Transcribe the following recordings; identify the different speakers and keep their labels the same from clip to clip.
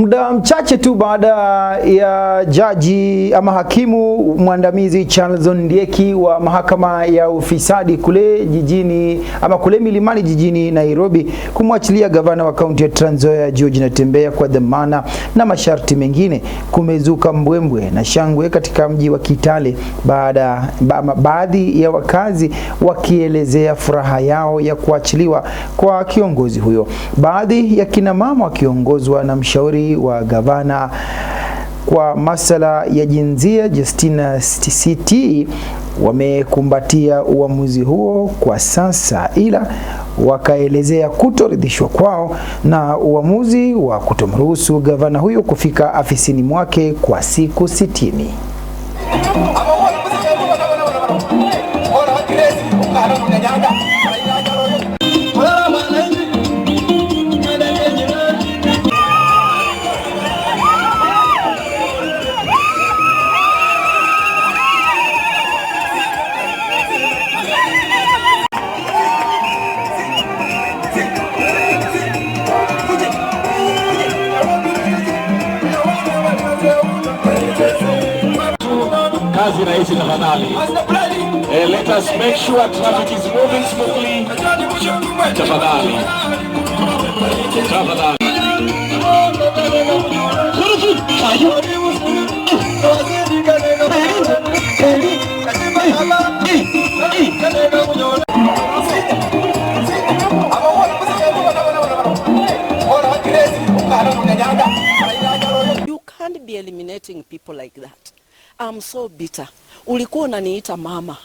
Speaker 1: Muda mchache tu baada ya jaji ama hakimu mwandamizi Charles Ndieki wa mahakama ya ufisadi kule jijini ama kule Milimani jijini Nairobi kumwachilia gavana wa kaunti ya Trans Nzoia George Natembeya kwa dhamana na masharti mengine, kumezuka mbwembwe na shangwe katika mji wa Kitale, baada baadhi ya wakazi wakielezea furaha yao ya kuachiliwa kwa kiongozi huyo. Baadhi ya kinamama wakiongozwa na mshauri wa gavana kwa masala ya jinsia Justina Siti wamekumbatia uamuzi huo kwa sasa, ila wakaelezea kutoridhishwa kwao na uamuzi wa kutomruhusu gavana huyo kufika afisini mwake kwa siku sitini.
Speaker 2: kazi na hizi tafadhali. Eh, let us make sure traffic is moving smoothly. Tafadhali. Tafadhali.
Speaker 3: You can't be eliminating people like that. I'm so bitter. Ulikuwa unaniita mama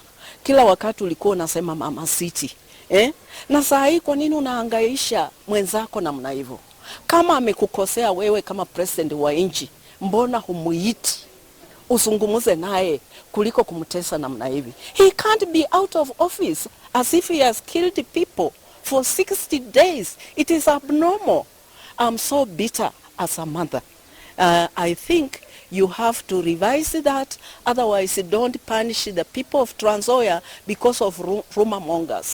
Speaker 3: kila wakati, ulikuwa unasema mama Siti eh? Na saa hii kwa nini unahangaisha mwenzako namna hivyo? Kama amekukosea wewe kama president wa nchi, mbona humuiti usungumuze naye kuliko kumtesa namna hivi? He can't be out of office as if he has killed people for 60 days. It is abnormal. I'm so bitter as a mother. Uh, I think you have to revise that otherwise don't punish the people of transoya because of rumor mongers